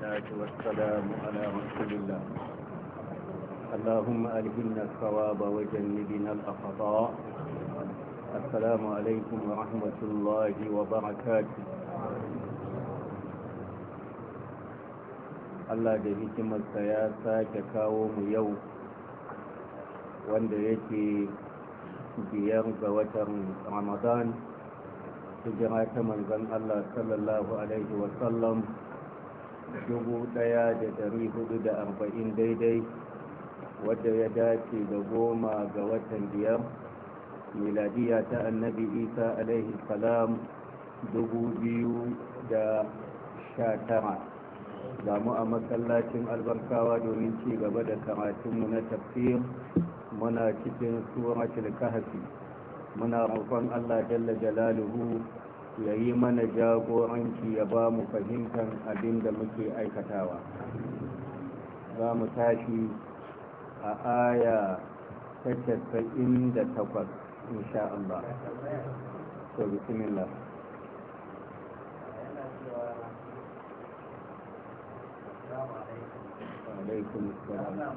والصلاة والسلام على رسول الله اللهم ألهمنا الصواب وجنبنا الأخطاء السلام عليكم ورحمة الله وبركاته Allah da hikimarsa ya sake kawo mu yau wanda yake biyar ga watan Ramadan jira ta manzon Allah sallallahu alaihi wasallam dubu ɗaya da dari hudu da arba'in daidai wadda ya dace da goma ga watan biyar miladiya ta annabi isa alaihi salam dubu biyu da sha tara zamu a masallacin albarkawa domin ci gaba da karatunmu na tafsir muna cikin suratul kahfi muna roƙon allah jalla jalaluhu ya yi mana jagoranci ya ba mu fahimtar abin da muke aikatawa za mu tashi a aya ta casa'in da takwas insha Allah so bismillah alaikum salam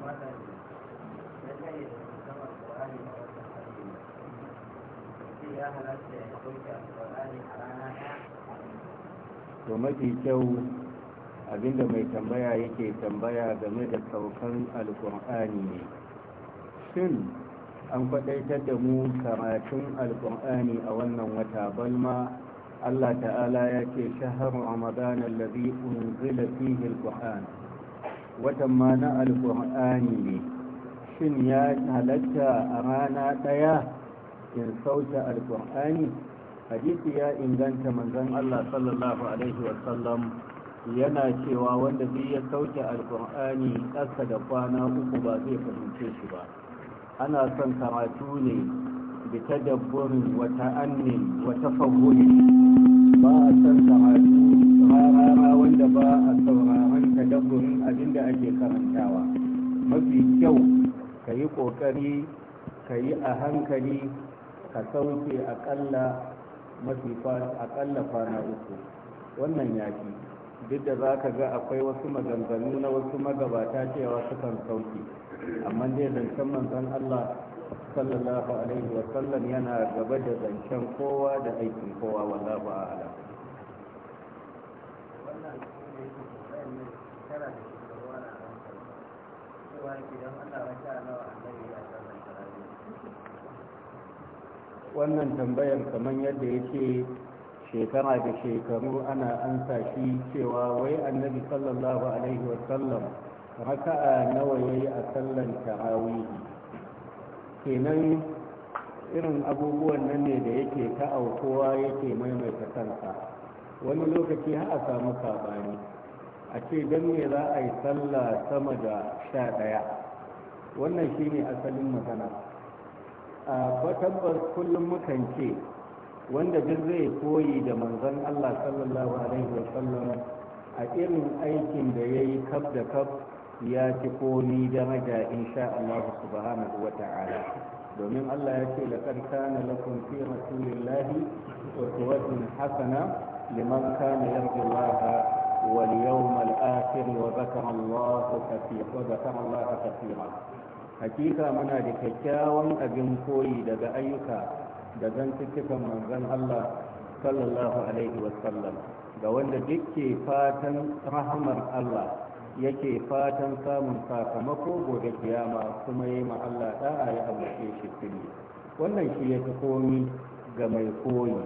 to mafi kyau abinda mai tambaya yake tambaya game da saukan alkur'ani ne shin an kwadaitar da mu karatun alkur'ani a wannan wata balma allah ta'ala ya ce shahar ramadan allazi unzila fihi alkur'an watan ma na alkur'ani ne shin ya halatta a rana ɗaya in sauta alkur'ani hadisi ya inganta manzon Allah sallallahu alaihi wa sallam yana cewa wanda zai ya sauke alkur'ani ƙasa da kwana uku ba zai fahimce shi ba ana son karatu ne da tadabburin wata annin wata fahuri ba a son karatu rarara wanda ba a sauraron tadabburin abinda ake karantawa mafi kyau ka yi ƙoƙari ka yi a hankali ka sauke akalla mafi akalla kwana uku wannan yaki duk da za ka ga akwai wasu maganganu na wasu magabata cewa sukan sauke amma dai zancen manzon Allah sallallahu alaihi wa sallam yana gaba da zancen kowa da aikin kowa wallahu a'lam wannan wannan tambayar kamar yadda yake shekara da shekaru ana ansa shi cewa wai annabi sallallahu alaihi wasallam raka'a nawa ya yi a sallan tarawih kenan irin abubuwan nan ne da yake ta aukowa yake maimaita kansa wani lokaci har a samu sabani a ce don me za a yi sallah sama da sha ɗaya wannan shine asalin magana a tabbas kullum mukan ce wanda duk zai koyi da manzon Allah sallallahu alaihi Sallam, a irin aikin da ya yi kaf da kaf ya ci komi daraja insha Allah subhanahu wa ta'ala domin Allah ya ce laqad kana lakum fi rasulillahi uswatun hasana liman kana yarju Allah wal yawmal akhir wa dhakara Allah kathira hakika muna da kyakkyawan abin koyi daga ayyuka da zantuttukan manzon Allah sallallahu alaihi wasallam ga wanda dukke fatan rahamar Allah yake fatan samun sakamako gobe kiyama kuma yi ma Allah da'a ya shi tuni wannan shi ya fi komi ga mai koyi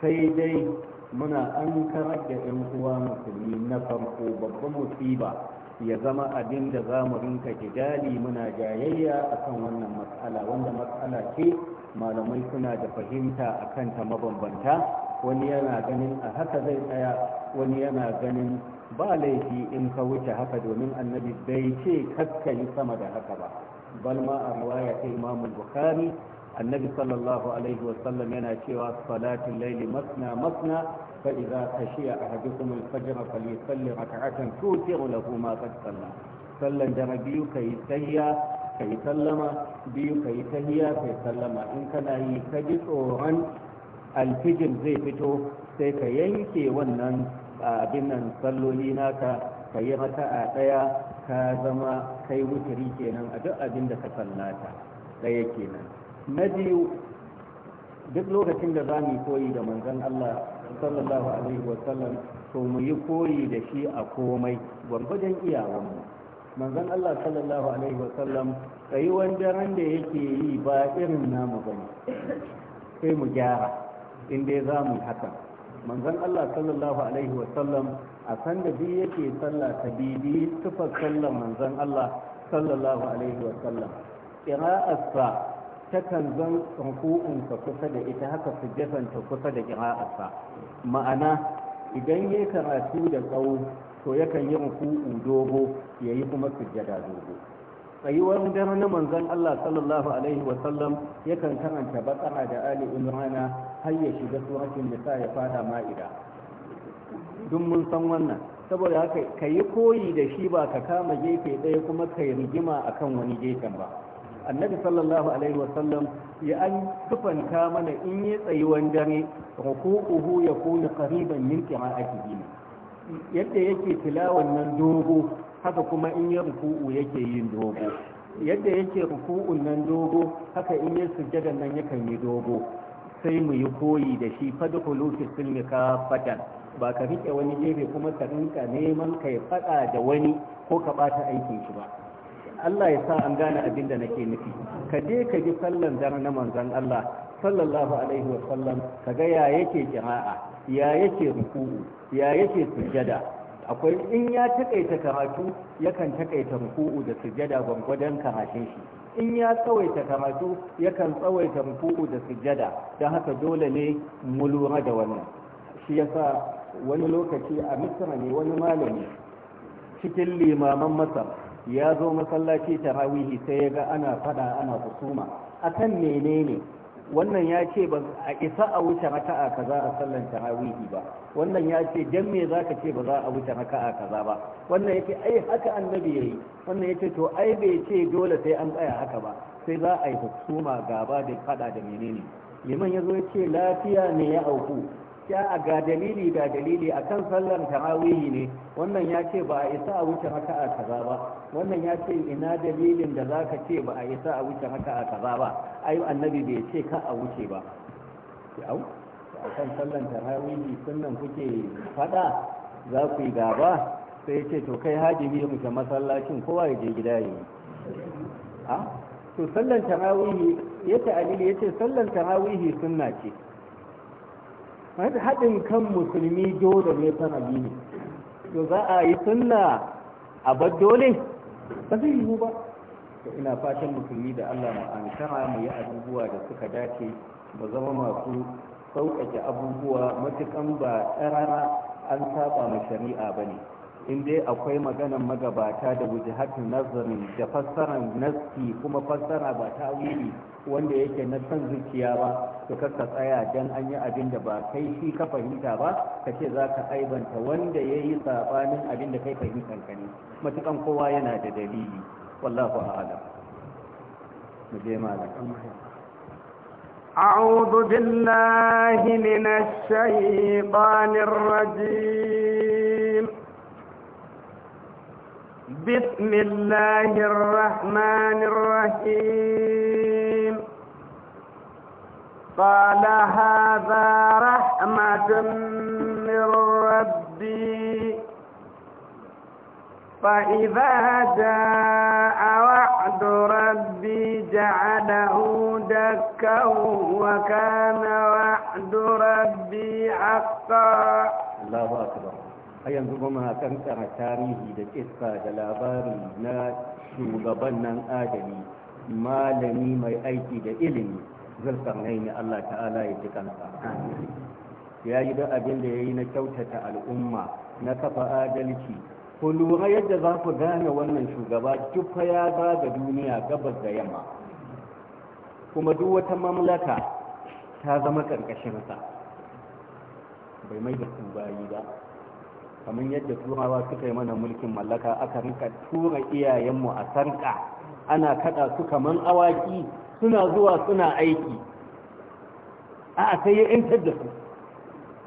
sai dai muna an karar da 'yan uwa musulmi na farko babban musiba ya zama abin da za mu rinka jidali muna jayayya akan wannan matsala wanda matsala ce malamai suna da fahimta a kanta mabambanta wani yana ganin a haka zai tsaya wani yana ganin ba laifi in ka wuce haka domin annabi bai ce yi sama da haka ba bal ma a riwaya ta imamul bukhari annabi sallallahu alaihi wasallam yana cewa salatin laili masna masna فإذا خشي أحدكم الفجر فليصلي ركعة توتر له ما قد صلى صلى دربي كي سيا كي سلم بيو كي تهيا كي سلم إن كان يكجي صورا الفجر زي فتو سيك ينكي ونن بمن صلولي ناكا كي ركعة تيا كازما كي وتري كينا أدأ بندك صلاتا ɗaya kenan na biyu duk lokacin da za mu koyi da manzon Allah sallallahu alaihi wasallam to mu yi koyi da shi a komai gwargwajen mu manzon Allah sallallahu alaihi wasallam kai wandaren da yake yi ba irin namu bane sai mu gyara in dai za mu haka manzon Allah sallallahu alaihi wasallam a san da bi yake sallah ta bi bi tufa sallar manzon Allah sallallahu alaihi wasallam qira'atsa takan zan ruku'unsa kusa da ita haka su sujjadanta kusa da ƙira'arsa ma'ana idan ya karatu da tsawo to yakan yi ruku'u dogo ya yi kuma sujjada dogo tsayuwar dare na manzon Allah sallallahu alaihi wa yakan karanta bakara da ali imrana har ya shiga suratul nisa ya fada ma'ida duk mun san wannan saboda haka ka yi koyi da shi ba ka kama gefe ɗaya kuma ka yi rigima akan wani gefen ba annabi sallallahu alaihi wasallam ya an tufanta mana in yi tsayuwan dare ruku'uhu ya kuna kariban min qira'atihi yadda yake tilawan nan dogo haka kuma in yi ruku'u yake yin dogo yadda yake ruku'un nan dogo haka in yi sujjadan nan yakan yi dogo sai mu yi koyi da shi fadkhulu fi silmi kafatan ba ka rike wani gefe kuma ka rinka neman kai fada da wani ko ka ɓata aikin shi ba Allah ya sa an gane abin da nake nufi ka je ka ji sallan dare na manzon Allah sallallahu alaihi wa sallam ka ga ya yake kira'a ya yake ruku'u ya yake sujjada akwai in ya takaita karatu yakan takaita ruku'u da sujjada gwangwadon karatun shi in ya tsawaita karatu yakan tsawaita ruku'u da sujada. don haka dole ne mu lura da wannan shi yasa wani lokaci a misra ne wani malami cikin limaman masar ya zo masallaci tarawihi sai ya ga ana fada ana kusuma akan menene wannan ya ce ba a isa a wuce raka'a kaza a sallan tarawihi ba wannan ya ce dan me zaka ce ba za a wuce raka'a kaza ba wannan yake ai haka annabi yayi wannan yake to ai bai ce dole sai an tsaya haka ba sai za a yi husuma gaba da fada da menene liman ya zo ya ce lafiya ne ya auku ya ga dalili ga dalili akan sallar tarawihi ne wannan ya ce ba a isa a wuce raka'a kaza ba wannan ya ce ina dalilin da zaka ce ba a isa a wuce raka'a kaza ba ai annabi bai ce ka a wuce ba yau kan sallar tarawihi sunan kuke fada za ku yi gaba sai ce to kai biyu mu ta masallacin kowa ya je gida yi. ha to sallar tarawihi yace alili yace sallar tarawihi sunna ce haɗin kan musulmi dole ne rabi ne to za a yi sunna a bar dole ba zai yiwu ba to ina fatan musulmi da Allah mu an mu yi abubuwa da suka dace mu zama masu sauƙaƙe abubuwa matukan ba ɗarara an saba ma shari'a ba ne. in dai akwai maganan magabata da wujahatun nazarin da fassara naski kuma fassara ba ta wuri wanda yake na san zuciya ba to ka tsaya dan an yi abin da ba kai shi ka fahimta ba ka ce za ka aibanta wanda ya yi saɓanin abin da kai fahimtar ka ne matukan kowa yana da dalili wallahu a'lam mu je malam أعوذ بالله من الشيطان الرجيم بسم الله الرحمن الرحيم قال هذا رحمة من ربي فإذا جاء وعد ربي جعله دكا وكان وعد ربي حقا الله أكبر A yanzu kuma ma kankara tarihi da kissa da labari na shugaban nan adali malami mai aiki da ilimi ne Allah ta'ala ya ji kansa ya yi da abin da ya yi na kyautata al'umma na kafa adalci ku lura yadda za ku gane wannan shugaba duka ya ba ga duniya gabas da yamma kuma duk wata mamlaka ta zama ƙarƙashinsa bai mai da su ba kamar yadda turawa suka yi mana mulkin mallaka aka rinka tura iyayenmu a sarka ana kada su kaman awaki suna zuwa suna aiki a sai ya intar da su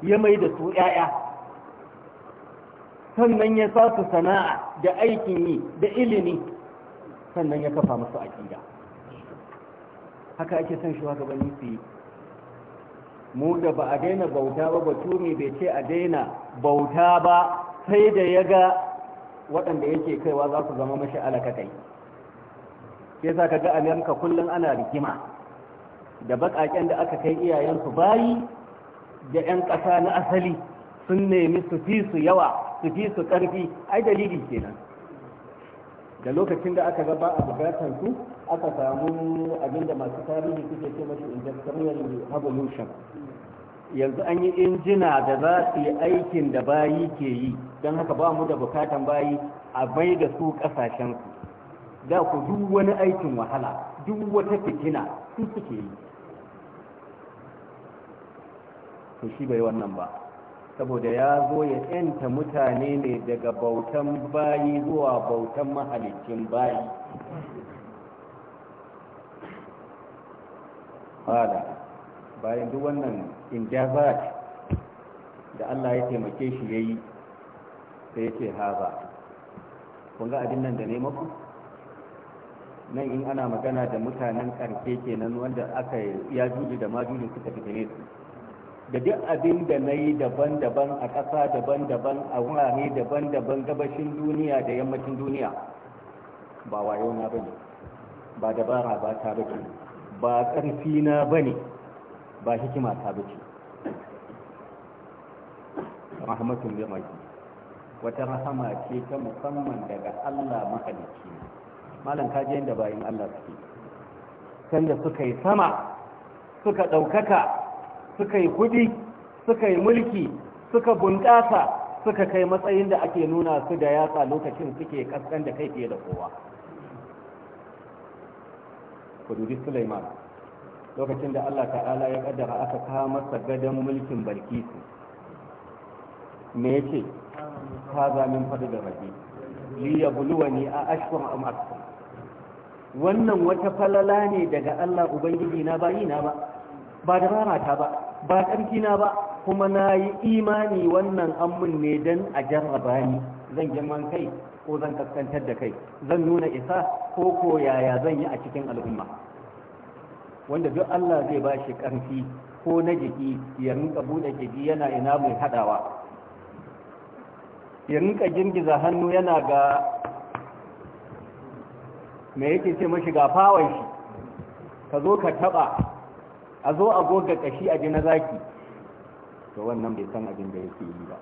ya mai da su yaya sannan ya sa su sana'a da aikin yi da ilimi sannan ya kafa musu akida haka ake son gabanin su yi mu da ba a daina bauta ba tuni bai ce a daina bauta ba sai da ya ga waɗanda yake kaiwa za su zama mashi alakakai sai sa ka ga amerika kullum ana rigima da baƙaƙen da aka kai iyayensu bayi da 'yan ƙasa na asali sun nemi su fi su yawa su fi su ƙarfi ai dalili kenan da lokacin da aka ga ba a bukatar su aka samu abinda masu tarihi suke ce mashi industrial revolution yanzu an yi injina da za su yi aikin da bayi ke yi don haka ba mu da bukatan bayi a bai da su kasashensu da ku duk wani aikin wahala duk wata fitina su suke yi to shi bai wannan ba saboda ya zo ya yanta mutane ne daga bautan bayi zuwa bautan mahalicin bayi qala bayan duk wannan indabat da Allah ya taimake shi yayi sai yake haba kun ga abin nan da ne maku nan in ana magana da mutanen karfe kenan wanda aka ya juji da majuji suka fita su da duk abin da na yi daban-daban a ƙasa daban-daban a wurare daban-daban gabashin duniya da yammacin duniya ba wayo na bane ba dabara ba ta bace ba ƙarfi na bane ba hikima ta bace rahmatun bi maki wata rahama ce ta musamman daga Allah mahalicci malam kaji inda bayin Allah suke sanda suka yi sama suka ɗaukaka suka yi kudi suka yi mulki suka bunƙasa suka kai matsayin da ake nuna su da yatsa lokacin suke kaskan da kai fiye da kowa ku dubi lokacin da Allah ta'ala ya kaddara aka kawo masa gadon mulkin Balkisu me ya ce? Ta zamin fadu da rabi buluwa ne a ashkur Amurka. wannan wata falala ne daga Allah ubangiji na bayi na ba ba da rarata ba ba karfi na ba kuma na yi imani wannan amun ne dan a jarraba ni zan girman kai ko zan kaskantar da kai zan nuna isa ko ko yaya zan yi a cikin al'umma wanda duk Allah zai ba shi ƙarfi ko na jiki ya rinka buɗe jiki yana ina mai haɗawa ya rinka girgiza hannu yana ga me yake ce mashi ga fawon shi ka zo ka taɓa a zo a goga kashi a ji na zaki to wannan bai san abin da yake yi ba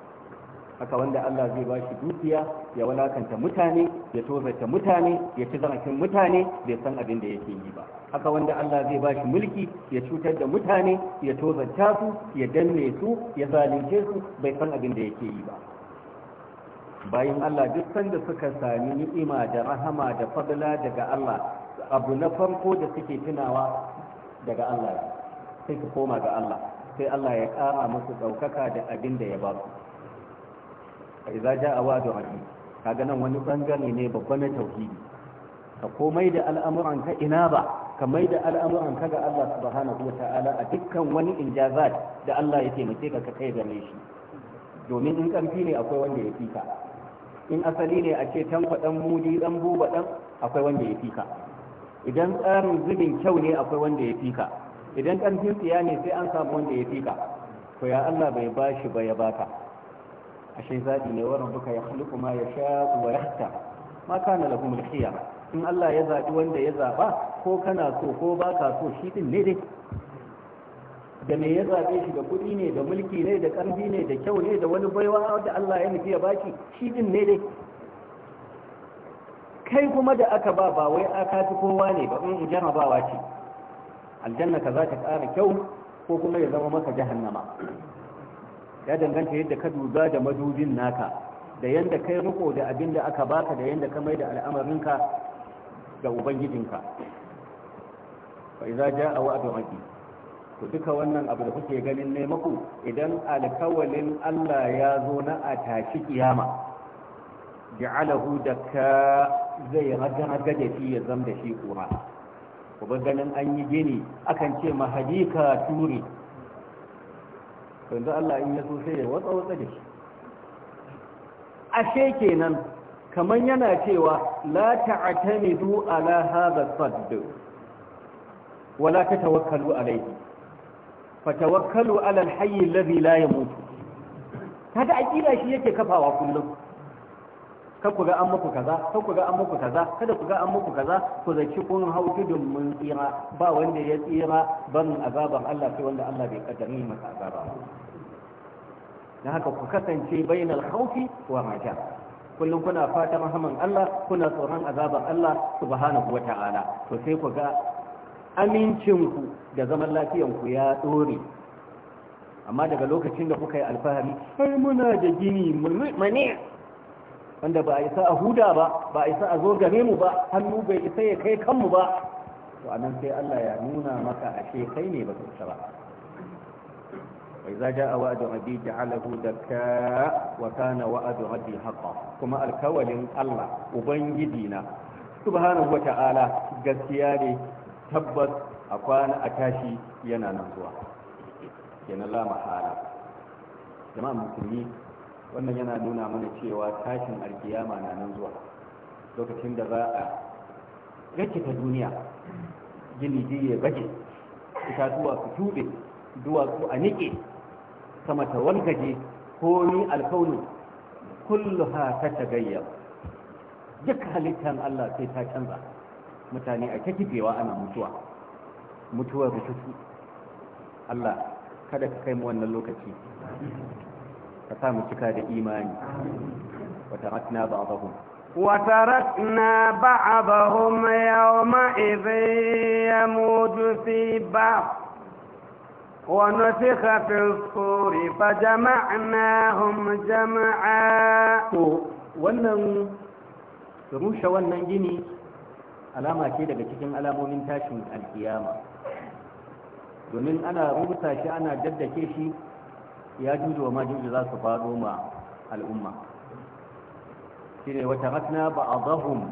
haka wanda Allah zai ba shi dukiya ya walakanta mutane ya tozarta mutane ya ci zarafin mutane bai san abin da yake yi ba haka wanda Allah zai ba shi mulki ya cutar da mutane ya tozarta su ya danne su ya zalunce su bai san abin da yake yi ba bayan Allah duk sanda suka sami ni'ima da rahama da fadla daga Allah abu na farko da suke tunawa daga Allah sai su koma ga Allah sai Allah ya ƙara musu ɗaukaka da abin da ya ba su fa idza jaa wa'du kaga nan wani bangare ne babba na tauhidi ka komai da al'amuran ka ina ba ka mai da al'amuran ka ga Allah subhanahu wa ta'ala a dukkan wani injazat da Allah ya taimake ka ka kai gare shi domin in karfi ne akwai wanda ya fika in asali ne a ce tankwa dan mudi dan buba dan akwai wanda ya fika idan tsarin zubin kyau ne akwai wanda ya fika idan karfin tsiya ne sai an samu wanda ya fika to ya Allah bai bashi ba ya baka ashe zaɓi ne waran buka ya halifu ma ya sha wa ya ma kana lahu mulkiya in Allah ya zaɓi wanda ya zaɓa ko kana so ko ba ka so shi ɗin ne dai da me ya zaɓe shi da kuɗi ne da mulki ne da ƙarfi ne da kyau ne da wani baiwa da Allah ya nufi ya baki shi ɗin ne dai kai kuma da aka ba ba wai aka fi kowa ne ba in jarabawa ce aljanna ka za ta ƙara kyau ko kuma ya zama maka jahannama ya danganta yadda ka duba da madubin naka da yadda kai riko da abin da aka baka da yadda ka mai da al'amarinka ga ubangijinka fa idza jaa wa'du rabbi to duka wannan abu da kuke ganin ne maku idan alkawalin Allah ya zo na a tashi kiyama ja'alahu dakka zai raga da shi ya zama da shi kuma ku ganin an yi gini akan ce mahadika turi yanzu Allah in ya so sai ya watsa watsa da shi ashe kenan kamar yana cewa la ta'tamidu ala hadha sadd wala tatawakkalu alayhi fatawakkalu ala alhayy alladhi la yamut kada aqida shi yake kafawa kullum kar ku ga an muku kaza kar ku ga an muku kaza kada ku ga an muku kaza ku zaki kun hau gudun mun tsira ba wanda ya tsira barin azaban Allah sai wanda Allah bai kaddari masa azaba dan haka ku kasance bainal khawfi wa raja kullum kuna fatan rahaman Allah kuna tsoron azaban Allah subhanahu wata'ala to sai ku ga amincinku da zaman lafiyanku ya dore amma daga lokacin da kuka yi alfahari sai muna da gini mu wanda ba a isa a huda ba ba a isa a zo game mu ba hannu bai isa ya kai kanmu ba to anan sai Allah ya nuna maka ashe kai ne ba ka ba a idza jaa wa'du rabbi ja'alahu dakka wa kana wa'du rabbi haqqan kuma alkawalin Allah ubangiji na subhanahu wa ta'ala gaskiya ne tabbas a kwana a tashi yana nan zuwa kenan la mahala jama'an musulmi wannan yana nuna mana cewa tashin alkiyama na nan zuwa lokacin da za a rake ta duniya gini ji ya baje itatuwa su tube, duwatsu a niƙe sama ta walgaje ko ni alkaunin ha ta tagayya duk halittar Allah sai ta canza mutane a ta ana mutuwa mutuwar su Allah kada ka kai mu wannan lokaci ka sa mu cika da imani wa tarakna ba'dahum وتركنا بعضهم يومئذ fi في ونفخ في الصور فجمعناهم جمعا wannan rushe wannan gini alama ce daga cikin alamomin tashin alkiyama domin ana rusa shi ana daddake shi ya juju wa majuju za su faɗo ma al'umma shi ne wata ratna ba a zahun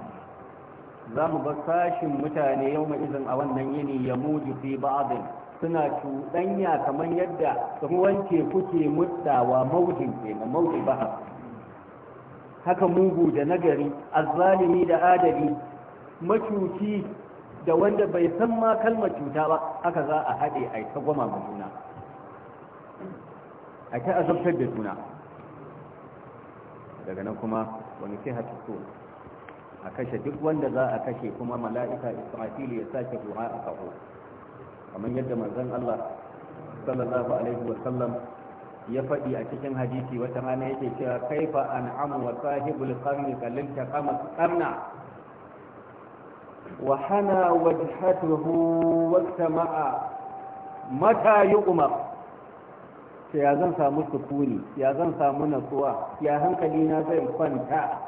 za mu bar sashin mutane yau mai izin a wannan yini ya muji fi ba'adin suna cuɗanya kamar yadda ruwan teku ke mutsawa maujin kenan mauji ba haka mugu da nagari zalimi da adali macuci da wanda bai san ma kalmar cuta ba haka za a haɗe a yi ta gwama juna a ta azabtar da juna daga nan kuma wani sai so a kashe duk wanda za a kashe kuma mala'ika isma'il ya sake duha a kaho kamar yadda manzon Allah sallallahu alaihi wa sallam ya faɗi a cikin hadisi wata rana yake cewa kaifa an'amu wa sahibul qarni kallin taqama qarna wa hana wajhatuhu wa sama'a mata yu'mar to ya zan samu sukuni ya zan samu natsuwa ya hankali na zai kwanta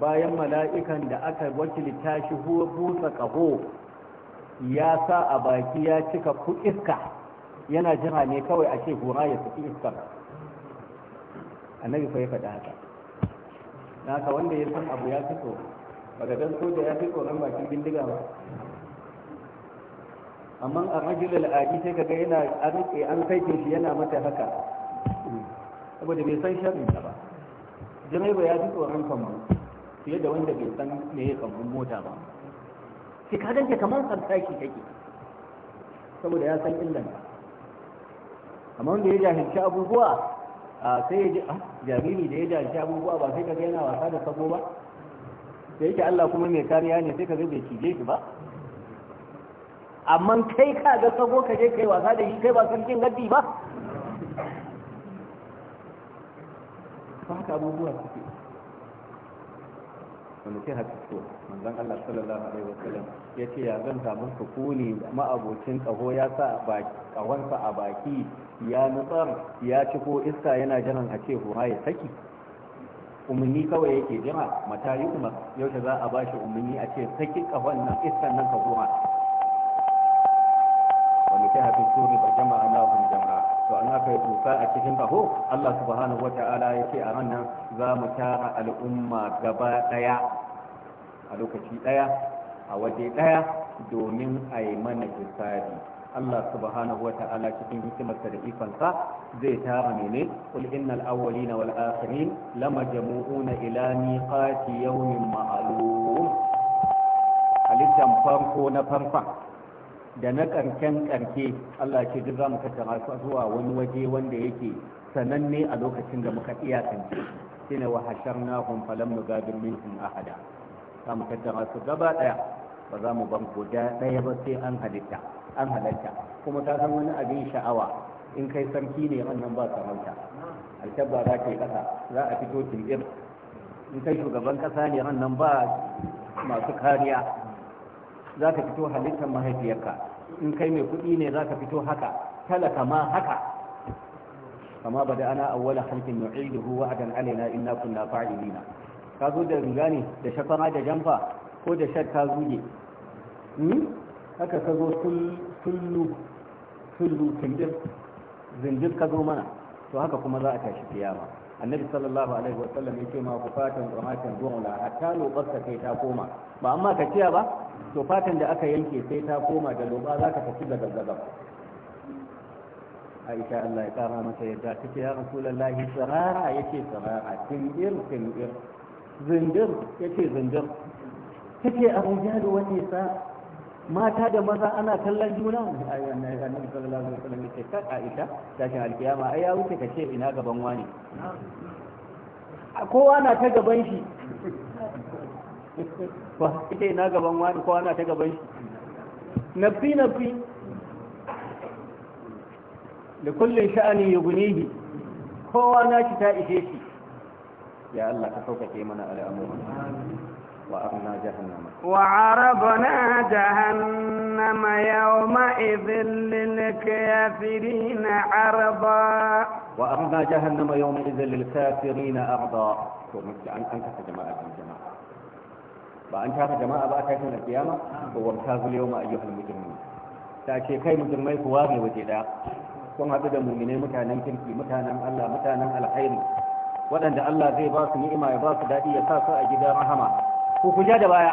bayan mala'ikan da aka wakilta shi huwa busa kaho ya sa a baki ya cika ku iska yana jira ne kawai a ce hura ya fi iskar annabi fa ya faɗa haka na ka wanda ya san abu ya fito ba ga so da ya fi tsoron bakin bindiga ba amma a rajulul adi sai kaga yana an rike an saitin shi yana mata haka saboda bai san sharrin ta ba direba ya fi tsoron kamar fiye da wanda bai san me ya kamar mota ba sai ka ganke kamar sarsashi take saboda ya san illan amma wanda ya jahilci abubuwa a sai ya ji ah, jariri da ya jahilci abubuwa ba sai kaga yana wasa da sabo ba da yake Allah kuma mai kariya ne sai kaga bai cije shi ba amma kai ka ga sabo ka je kai wasa da shi kai ba kin gaddi ba ba haka abubuwa suke wanda sai haka so manzon Allah sallallahu alaihi wasallam ya ce ya zan samu sukuni ma'abocin kaho ya sa a baki kahonsa a baki ya nutsar ya ci ko iska yana jiran a ce hura ya saki umarni kawai yake jira mata yi umar yaushe za a bashi umarni a ce saki kahon nan iskan nan ka kuma. littafi turi ba jama'a na hun jama'a to an haka tuka a cikin baho Allah subhanahu wata'ala ya ce a ranar za mu tara al'umma gaba daya a lokaci daya a waje daya domin a yi mana hisabi Allah subhanahu wa ta'ala cikin hikimarsa da ifansa zai tara mene kul innal awwalina wal akhirin lama jamu'una ila miqati yawmin ma'lum halittan farko na farkon da na ƙarshen ƙarke Allah ce duk za mu tattara su zuwa wani waje wanda yake sananne a lokacin da muka iyakance shi ne wa hasharnahum falam nugadir minhum ahada za mu tattara su gaba ɗaya ba za mu ban guda ɗaya ba sai an halitta an halitta. kuma ta san wani abin sha'awa in kai sarki ne wannan ba sarauta alkabba za ka yi ƙasa za a fito timbir in kai shugaban ƙasa ne wannan ba masu kariya za ka fito halittar mahaifiyarka in kai mai kuɗi ne za ka fito haka talaka ma haka kama ba da ana awwala halkin nu'iduhu wa'adan alaina inna kunna fa'ilina ka zo da riga ne da shafara da jamfa ko da shar ka zuge hmm? haka ka zo tullu tullu zindir zindir ka zo mana to haka kuma za a tashi kiyama annabi sallallahu alaihi wasallam yake ma ku fatan tsamacin zuwa hatta lobar ka kai ta koma ba amma ka ciya ba to fatan da aka yanke sai ta koma da loba za ka tafi da gaggaba aisha Allah ya kara mata yadda take ya rasulullahi sarara yake sarara tindir tindir zindir ce zindir take abuja da wani sa mata da maza ana kallon juna ai wannan annabi sallallahu alaihi wasallam yace ka Aisha tashin alkiyama ai ya wuce ka ce ina gaban wani kowa na ta gaban shi ba ita ina gaban wani kowa na ta gaban shi nafi nafi da kullun sha'ani yughnihi kowa na shi ta ishe shi ya Allah ka sauka ke mana al'amuran وعربنا جهنم وعربنا جهنم يومئذ للكافرين عرضا وعربنا جهنم يومئذ للكافرين عرضا أنت جماعة الجماعة بأنت هذا جماعة بقى كيف القيامة هو امتاز اليوم أيها المجرمين تأتي كي مجرمي كواري وجدا kun haɗu da muminai mutanen kirki الله Allah mutanen alkhairi waɗanda Allah zai ba su ni'ima ya ba su daɗi ya ko ku ja da baya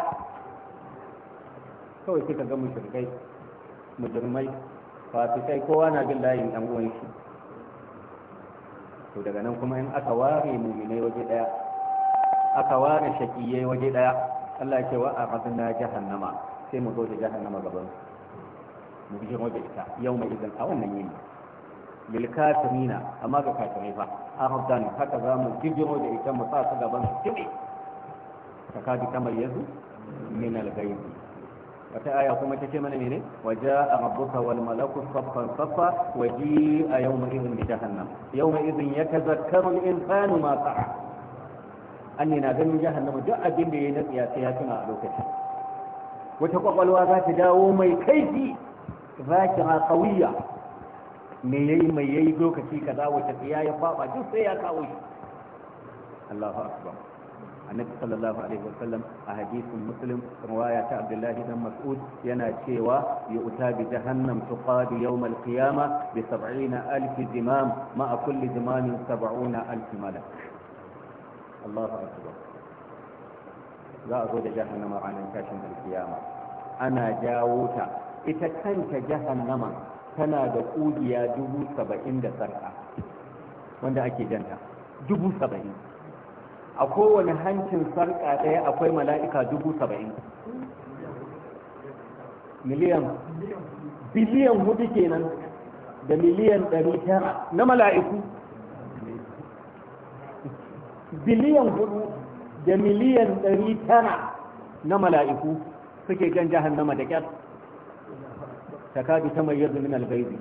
kawai suka ga ba su kai, kowa na jin layin ɗan uwan shi to daga nan kuma in aka ware mu'minai waje daya aka ware shaqiyai waje daya Allah ya ce wa jihar jahannama sai mu zo da jahannama gaban mu bi waje ita yau mai idan a wannan yini lil kafirina amma ga kafirai fa ne, haka za mu bijiro waje ita mu sa su gaban su tibi Ka takadu kamar yanzu min al-ghaib wata aya kuma ta ce mana ne? waja a rabbuka wal malaku saffan saffa waji a yawma idhin bi jahannam yawma idhin yatazakkaru al insanu ma sa'a anni na ganin jahannama duk abin da yayi na tsiya sai ya tuna a lokacin wata kwakwalwa za ta dawo mai kaifi zakira qawiya me yayi mai yayi lokaci kaza wata tsiya ya faɓa duk sai ya kawo shi Allahu akbar annabi sallallahu alaihi a hadisin muslim riwaya ta abdullahi dan mas'ud yana cewa yu'ta bi jahannam yawm al-qiyama bi zimam ma'a kulli zimamin malak akbar za a zo da jahannama ranar tashin alkiyama ana jawo ta ita kanta jahannama tana da kugiya dubu saba'in da wanda ake janta dubu saba'in a kowane hancin sarƙa ɗaya akwai mala'ika dubu saba'in miliyan biliyan hudu kenan da miliyan ɗari tara na mala'iku biliyan hudu da miliyan ɗari tara na mala'iku suke gan jahannama da ƙyar ta kaɗi ta mai yadda min albaizi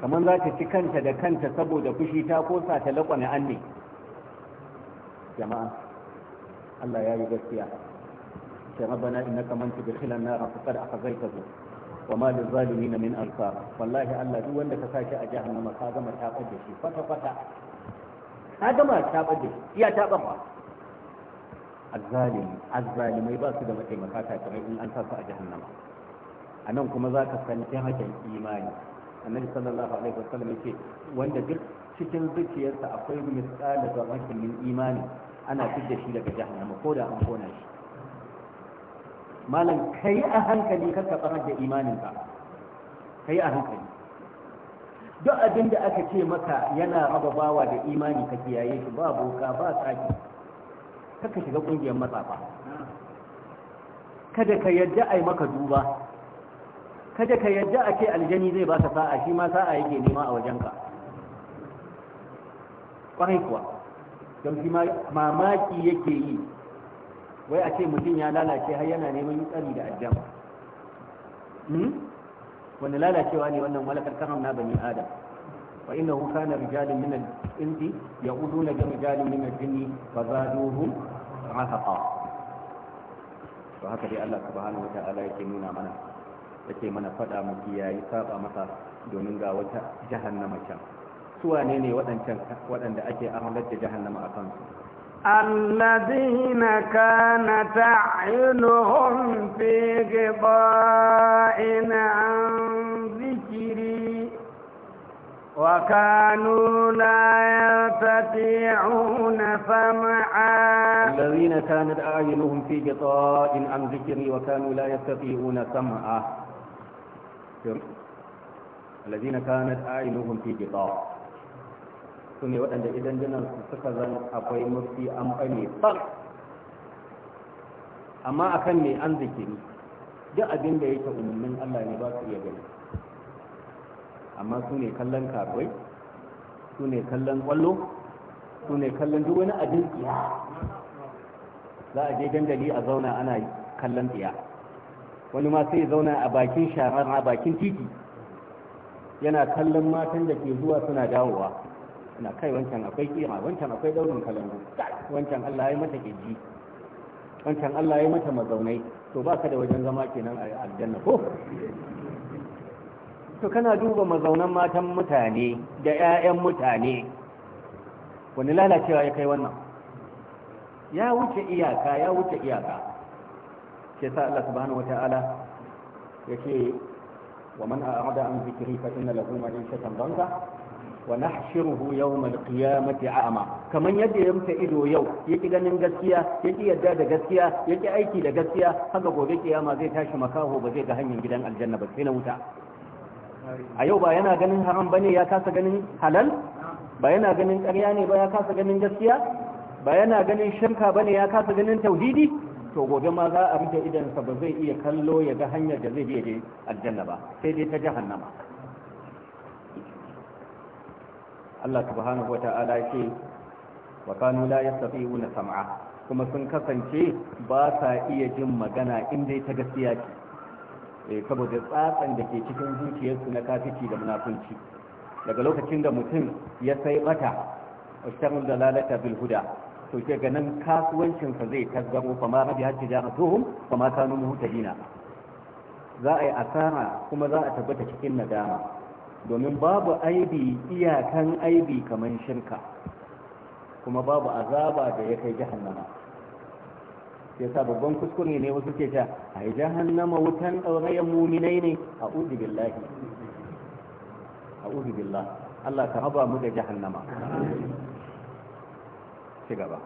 kamar za ta ci kanta da kanta saboda fushi ta sa ta laƙwane an ne jama'a Allah ya yi gaskiya ce rabbana innaka man tudkhilan nar faqad akhzaytahu wa ma lizalimin min ansar wallahi Allah duk wanda ka saki a jahannama ka gama ta da shi kwata kwata ka gama ta da shi iya tabar ba azzalimi azzalimai ba su da mataimaka ta kafirai in an sa a jahannama a nan kuma za ka san jihajin imani annabi sallallahu alaihi wasallam yake wanda duk cikin zuciyarsa akwai misali da rashin imani ana fidda shi daga jahannama ko da an kona shi malam kai a hankali kar ka tsarar da imaninka kai a hankali duk abin da aka ce maka yana raba bawa da imani ka kiyaye shi ba boka ba tsaki kaka shiga kungiyar matsafa kada ka yadda a yi maka duba kada ka yadda a ce aljani zai ba ka sa'a shi ma sa'a yake nema a wajenka ƙwarai kuwa don shi mamaki yake yi wai a ce mutum ya lalace har yana neman tsari da aljanna hmm? wani lalacewa ne wannan walakar karam na bani adam wa innahu kana rijalun min al ya yaquluna bi rijalin min al-jinni fa zaduhum rahaqa to haka dai Allah subhanahu wa ta'ala yake nuna mana yake mana fada mu kiyaye saba masa domin ga wata jahannama can suwane ne waɗancan waɗanda ake ahlar da jahannama a kansu الذين كانت أعينهم في غضاء عن ذكري وكانوا لا يستطيعون سمعا الذين كانت أعينهم في غطاء عن ذكري وكانوا لا يستطيعون سمعا الذين كانت أعينهم في غطاء su ne waɗanda idan su suka zan akwai mafi an ɓane ɓan amma akan mai an zikiri duk abin da yake umarnin allah ne ba su iya gani amma su ne kallon karuwai su ne kallon ƙwallo su ne kallon duk wani abin tsiya za a je dandali a zauna ana kallon tsiya wani ma sai zauna a bakin sharar a bakin titi yana kallon matan da ke zuwa suna dawowa na kai wancan akwai kira wancan akwai daurin kalangu wancan Allah ya mata keji wancan Allah ya mata mazaunai to baka da wajen zama kenan a aljanna ko to kana duba mazaunan matan mutane da 'ya'yan mutane wani lalacewa ya kai wannan ya wuce iyaka ya wuce iyaka ke sa Allah subhanahu wata'ala ya ce wa man a'ada an zikiri fa inna lahu ma'in shatan banka wa nahshuruhu yawmal qiyamati a'ma kaman yadda ya mutu ido yau ya yaki ganin gaskiya ya yaki yadda da gaskiya ya yaki aiki da gaskiya haka gobe kiyama zai tashi makaho ba zai ga hanyar gidan aljanna ba sai na wuta a yau ba yana ganin haram bane ya kasa ganin halal ba yana ganin ƙarya ne ba ya kasa ganin gaskiya ba yana ganin shirka bane ya kasa ganin tauhidi to gobe ma za a rufe idansa ba zai iya kallo ya ga hanyar da zai biye aljanna ba sai dai ta jahannama Allah subhanahu wata'ala ce wa kanu la yastati'una sam'a kuma sun kasance ba sa iya jin magana in dai ta gaskiya ce eh saboda tsatsan da ke cikin zuciyarsu na kafici da munafunci daga lokacin da mutum ya sai bata ashtarul dalalata bil huda to sai ga nan kasuwancin sa zai tasgaro fa ma rabi hajji da fa ma kanu muhtadina za a yi asara kuma za a tabbata cikin nadama domin babu aibi iyakan aibi kamar shirka kuma babu azaba da ya kai jahannama yasa babban kuskure ne wasu ke ta a yi jahannama wutan ɗaurayen muminai ne a billahi a uzu billah Allah ka haba mu da jahannama ci gaba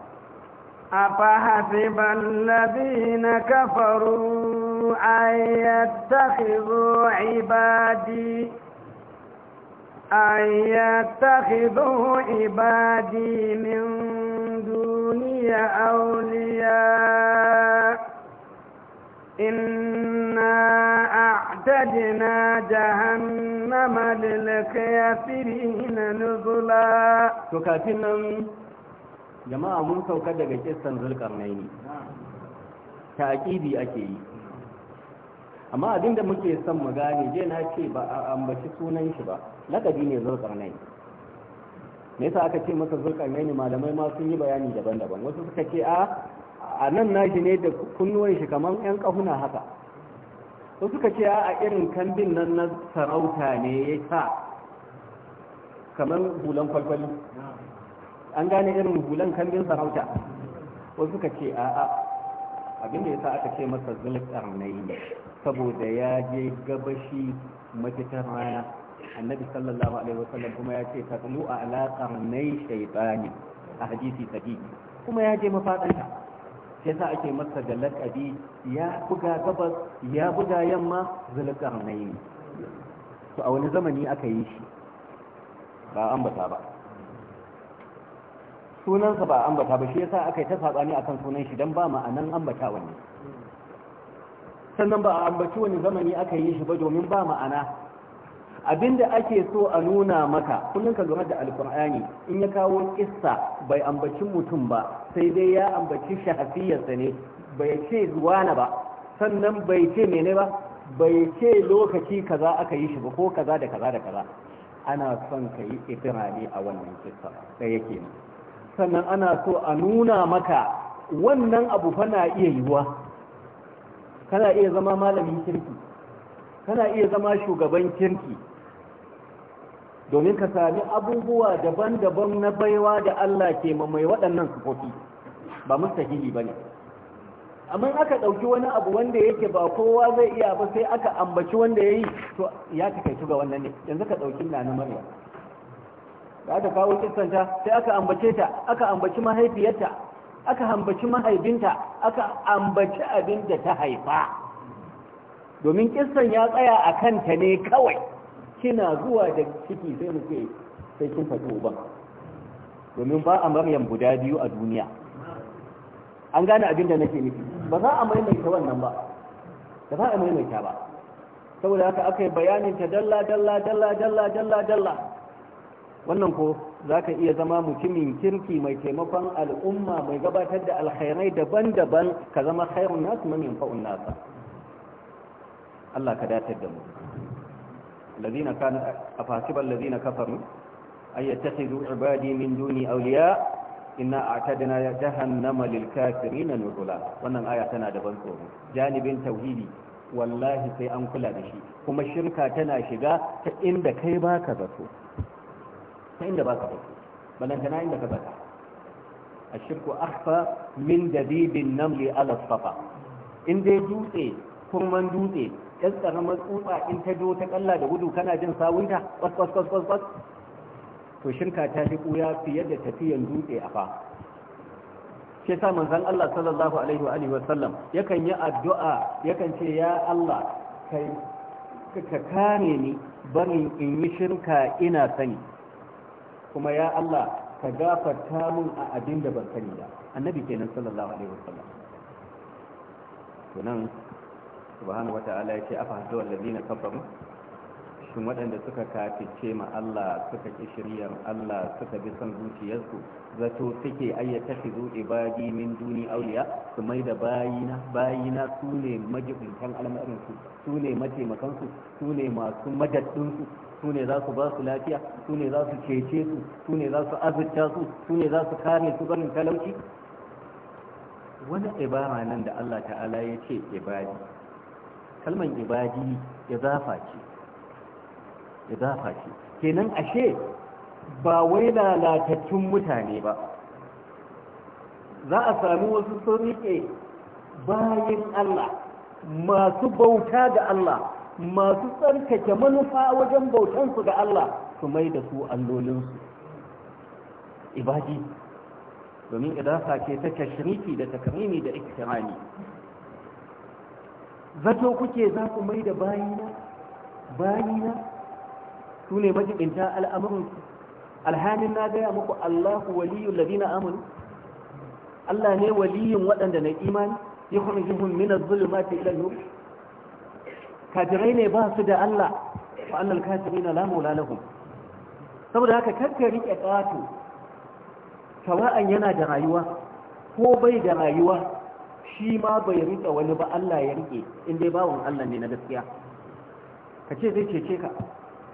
أفحسب na كفروا أن يتخذوا عبادي Aya tafi zuhu ibadi min duniya aurea. Ina acijina jahannama, lalaka yafi nuzula. To kafin nan, jama'a mun sauka daga kistan zinkarnai ne, ake yi. amma abin da muke son mu gane je na ce ba a ambaci sunan shi ba lakabi ne zulkarnai me yasa aka ce masa zulkarnai ne malamai ma sun yi bayani daban-daban wasu suka ce a a nan nashi ne da kunnuwan shi kamar yan kahuna haka wasu suka ce a irin kambin nan na sarauta ne ya sa kamar hulan kwalkwali an gane irin hulan kambin sarauta wasu suka ce a a abin da yasa aka ce masa zulkarnai ne saboda ya je gabashi mafitar rana annabi sallallahu alaihi wasallam kuma ya ce ta tatlu a alaƙar nai shaitani a hadisi sahihi kuma ya je mafaɗinta sai sa ake masa da laƙabi ya buga gabas ya buga yamma zulƙar nai ne to a wani zamani aka yi shi ba ambata ba sunansa ba ambata ba shi yasa aka yi ta saɓani akan sunan shi don ba ma'anan ambata wannan sannan ba a ambaci wani zamani aka yi shi ba domin ba ma'ana abinda ake so a nuna maka kullum ka lura da alkur'ani in ya kawo kissa bai ambaci mutum ba sai dai ya ambaci shahafiyarsa ne bai ce zuwana ba sannan bai ce mene ba bai ce lokaci kaza aka yi shi ba ko kaza da kaza da kaza ana son ka yi ifirani a wannan kissa sai yake sannan ana so a nuna maka wannan abu fa na iya yiwuwa kana iya zama malamin kirki kana iya zama shugaban kirki domin ka sami abubuwa daban-daban na baiwa da Allah ke mai waɗannan sufofi ba mustahili ba ne amma aka ɗauki wani abu wanda yake ba kowa zai iya ba sai aka ambaci wanda ya yi to ya kai ga wannan ne yanzu ka ɗauki na na marya da aka kawo kistanta sai aka ambace ta aka ambaci mahaifiyarta aka hambaci mahaifinta aka ambaci abin da ta haifa domin kissan ya tsaya a kanta ne kawai kina zuwa da ciki sai muke sai kin faɗi ba. domin ba a maryam guda biyu a duniya an gane abin da nake nufi ba za a maimaita wannan ba ba za a maimaita ba saboda haka aka yi bayanin ta dalla dalla dalla dalla dalla dalla wannan ko za ka iya zama mutumin kirki mai taimakon al'umma mai gabatar da alkhairai daban-daban ka zama khairun nasu mamin fa'un nasa Allah ka datar da mu الذين كان أفاسب الذين كفروا أن يتخذوا عبادي من دوني أولياء إنا أعتدنا جهنم للكافرين نزلا wannan aya tana da ban tsoro janibin tauhidi wallahi sai an kula da shi kuma shirka tana shiga ta inda kai baka zato ta inda ba ka fito balantana inda ka zata ashirku akhfa min dabibin namli ala safa in dai dutse kurman dutse yan karamar tsutsa in ta do ta kalla da gudu kana jin sawunta kwas kwas kwas kwas kwas to shirka ta fi kuya fiye da tafiyan dutse a fa shi sa manzon Allah sallallahu alaihi wa alihi wa sallam yakan yi addu'a yakan ce ya Allah kai ka kare ni barin in yi shirka ina sani kuma ya Allah ka gafarta mun a abin da ban sani ba annabi kenan sallallahu alaihi wasallam to nan subhanahu wata'ala yace afa hadu allazina kafaru shin waɗanda suka kafice ma Allah suka ki shiriyar Allah suka bi son zuciyarsu zato suke ayyata fi zo ibadi min duni auliya su mai da bayina bayina su ne majibintan al'amarin su su ne mataimakan su su ne masu madadin su su ne za su ba su lafiya su ne za su cece su su ne za su azurta su su ne za su kare su ganin talauci wani ibara nan da Allah ta'ala ya ce ibadi kalman ibadi ya zafa ce ya zafa ce kenan ashe ba wai lalatattun mutane ba za a sami wasu sun rike bayin Allah masu bauta da Allah masu tsarkake manufa wajen bautansu ga Allah su mai da su allolinsu ibadi domin idasa ce ta tashriki da takrimi da iktirani zato kuke za ku mai da bayina bayina su ne majibinta al'amuransu alhamin na gaya muku Allahu Waliyu ladina amanu Allah ne waliyin waɗanda na imani yakhrujuhum min adh-dhulumati ila an-nur kafirai ne ba su da Allah fa annal kafirina la maula lahum saboda haka kakka rike tsato sawa'an yana da rayuwa ko bai da rayuwa shi ma bai rike wani ba Allah ya rike in dai bawon Allah ne na gaskiya ka ce zai cece ka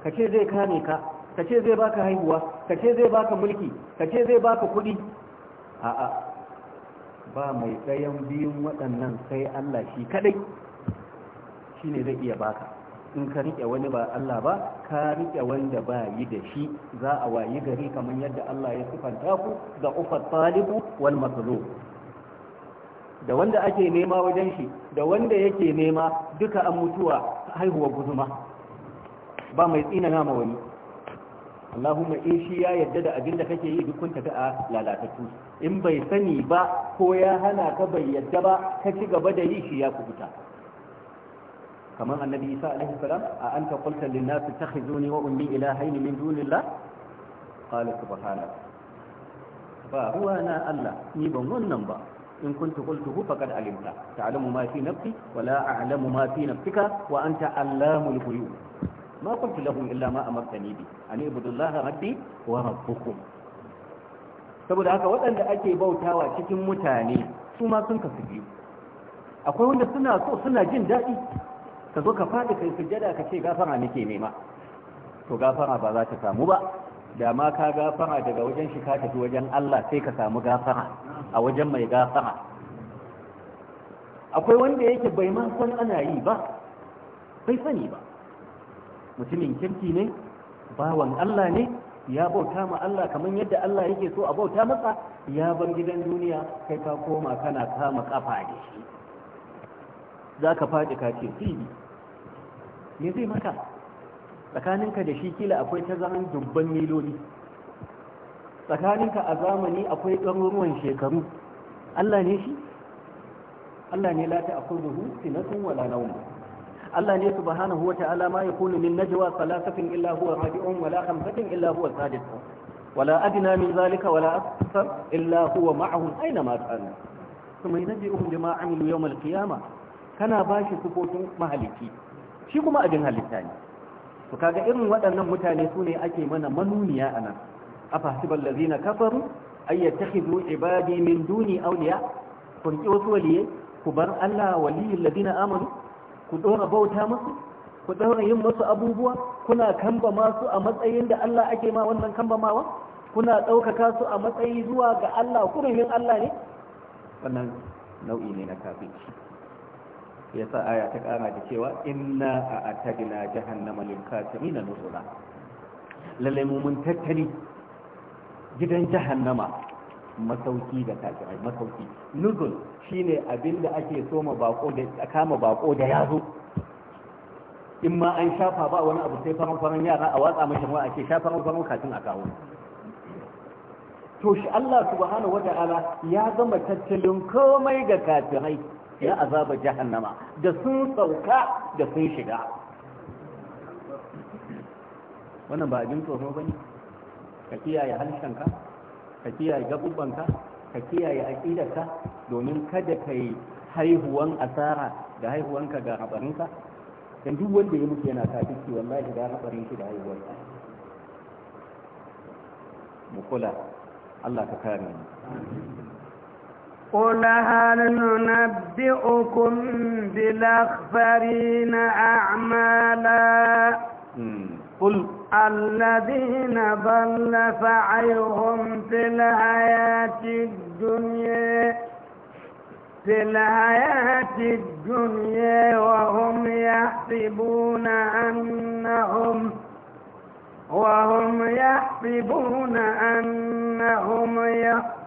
ka ce zai kame ka ka ce zai baka haihuwa ka ce zai baka mulki ka ce zai baka kuɗi a'a ba mai tsayan biyun waɗannan sai Allah shi kaɗai shine zai iya baka in ka riƙe wani ba Allah ba ka riƙe wanda ba yi da shi za a wayi gari kamar yadda Allah ya sifanta ku da ufat talibu wal matlub da wanda ake nema wajen shi da wanda yake nema duka an mutuwa haihuwa guzuma ba mai tsina nama wani Allahumma in shi ya yadda da abinda da kake yi dukkan ta a lalatattu in bai sani ba ko ya hana ka bai yadda ba ka ci gaba da yi shi ya kubuta kamar annabi isa alaihi salam a anta qulta lin nas takhizuni wa ummi ilahayn min dunillah qala subhanak fa huwa allah ni ban wannan ba in kuntu qultuhu faqad alimta ta'lamu ma fi nafsi wa la a'lamu ma fi ما قلت لهم إلا ما أمرتني به أن اعبدوا الله ربي وربكم saboda haka waɗanda ake bautawa cikin mutane su sun kasu biyu akwai wanda suna so suna jin daɗi ka zo ka faɗi kai sujjada ka ce gafara nake nema to gafara ba za ta samu ba da ma ka gafara daga wajen shi ka tafi wajen Allah sai ka samu gafara a wajen mai gafara akwai wanda yake bai ma san ana yi ba bai sani ba mutumin kirki ne bawan Allah ne ya bauta ma Allah kamar yadda Allah yake so a bauta masa ya bar gidan duniya kai ka koma kana kama kafa da shi za ka faɗi ka ce me zai maka tsakaninka da shi kila akwai ta zaman dubban miloni. tsakaninka a zamani akwai ɗaruruwan shekaru Allah ne shi Allah ne lati a kuzuhu sinatun wala nauna Allah ne subhanahu wa ta'ala ma yakunu min najwa salasatin illa huwa rabi'un wala khamsatin illa huwa sadis wala adna min zalika wala akthar illa huwa ma'ahum aina ma kanu kuma yanji'uhum bima amilu yawm al-qiyamah kana bashi sifofin mahaliki shi kuma abin halitta ne to kaga irin waɗannan mutane su ne ake mana manuniya a nan afa hasibal ladzina kafaru ay yattakhidhu ibadi min duni awliya kun ki wasu waliye ku bar Allah waliyul ladina amanu ku dora bauta musu ku dora yin musu abubuwa kuna kamba masu a matsayin da Allah ake ma wannan kambamawa kuna ɗaukaka su a matsayi zuwa ga Allah yin Allah ne wannan nau'i ne na shi. ya sa aya ta kara da cewa inna a atadina jahannama lil kafirin nuzula lalle mu mun tattali gidan jahannama masauki da kafirai masauki nuzul shine abinda ake ma bako da kama bako da yazo in ma an shafa ba wani abu sai faran faran yara a watsa mashi wa ake shafa faran faran kafin a kawo to shi Allah subhanahu wata'ala ya zama tattalin komai ga kafirai ya azaba jahannama da sun sauka da sun shiga wannan ba abin tsoro ba ne ka kiyaye harshenka ka kiyaye gabubanka ka kiyaye aƙidarka domin kada ka yi haihuwan asara da haihuwanka ga haɓarinka don duk wanda ya mutu yana kafiki wallahi da haɓarin shi da haihuwarsa mu kula Allah ka kare mu قل هل ننبئكم بالاخسرين أعمالا قل الذين ضل سعيهم في الحياة الدنيا في الحياة الدنيا وهم يحسبون أنهم وهم يحسبون أنهم يحسبون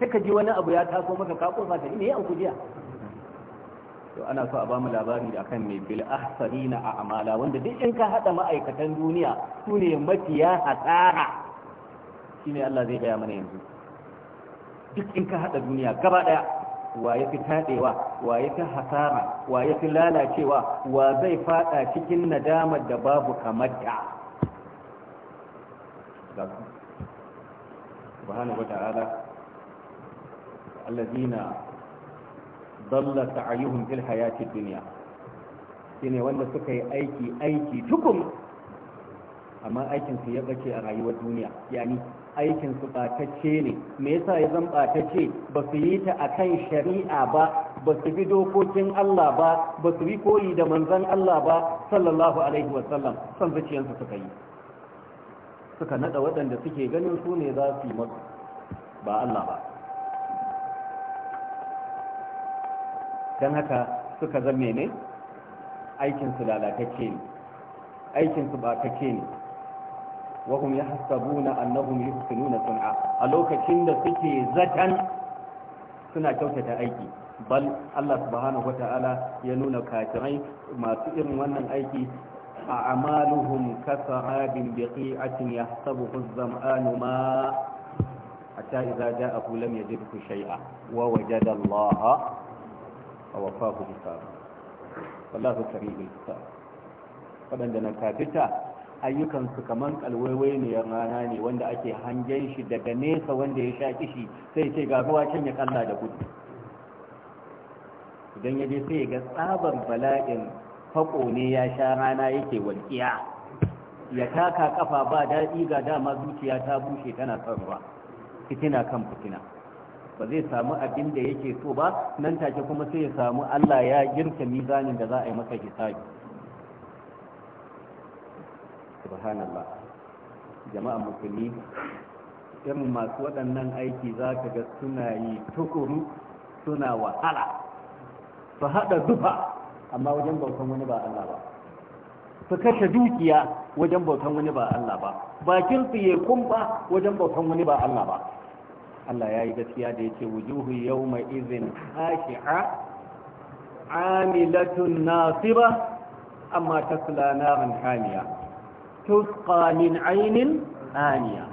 sai ka ji wani abu ya taso maka ka kofa ta ne ya auku jiya to ana so a bamu mu labari da kan mai bil ahsarina a amala wanda duk in ka hada ma'aikatan duniya su ne mafiya hasara shine Allah zai gaya mana yanzu duk in ka hada duniya gaba daya wa ya fi tadewa wa ya fi hasara wa ya fi lalacewa wa zai fada cikin nadamar da babu kamar da subhanahu wa ta'ala allazina dalla sa'ayuhum fil duniya dunya shine wanda suka yi aiki aiki tukun amma aikin su ya bace a rayuwar duniya yani aikin su batacce ne me yasa ya zan batacce ba su yi ta akan shari'a ba ba su bi dokokin Allah ba ba su bi koyi da manzon Allah ba sallallahu alaihi wa sallam san zuciyarsu suka yi suka nada waɗanda suke ganin su ne za su yi ba Allah ba don haka suka zame ne aikinsu lalatacce ne aikinsu bakacce ne wahum ya hasabuna annahum nuna sun'a a lokacin da suke zaton suna kyautata aiki bal Allah subhanahu wata'ala ya nuna kafirai masu irin wannan aiki a amaluhum kasarabin biqi'atin yahsabuhu az anuma. ma hatta idza ja'ahu lam yajidhu shay'a wa wajada Allah ووفاه حسابا wallahu كريم الحساب wadanda na kafita ayyukansu kaman kalwaiwai ne rana ne wanda ake hangen shi daga nesa wanda ya sha kishi sai ce ga ruwa can ya kalla da gudu idan ya je sai ga tsabar bala'in fako ne ya sha rana yake walƙiya ya taka kafa ba daɗi ga dama zuciya ta bushe tana son ruwa fitina kan fitina ba zai samu abin da yake so ba nan take kuma sai ya samu Allah ya girka mizanin da za a yi masa hisabi subhanallah jama'a musulmi irin masu waɗannan aiki za ka ga suna yi tukuru suna wahala su haɗa zufa amma wajen bautan wani ba Allah ba su kashe dukiya wajen bautan wani ba Allah ba bakin su ya kumba wajen bautan wani ba Allah ba Allah ya yi gaskiya da ya ce wujuhu yau mai izin hashi'a amilatun nasiba, amma ta narin hamiya tusqa min ainin hamiya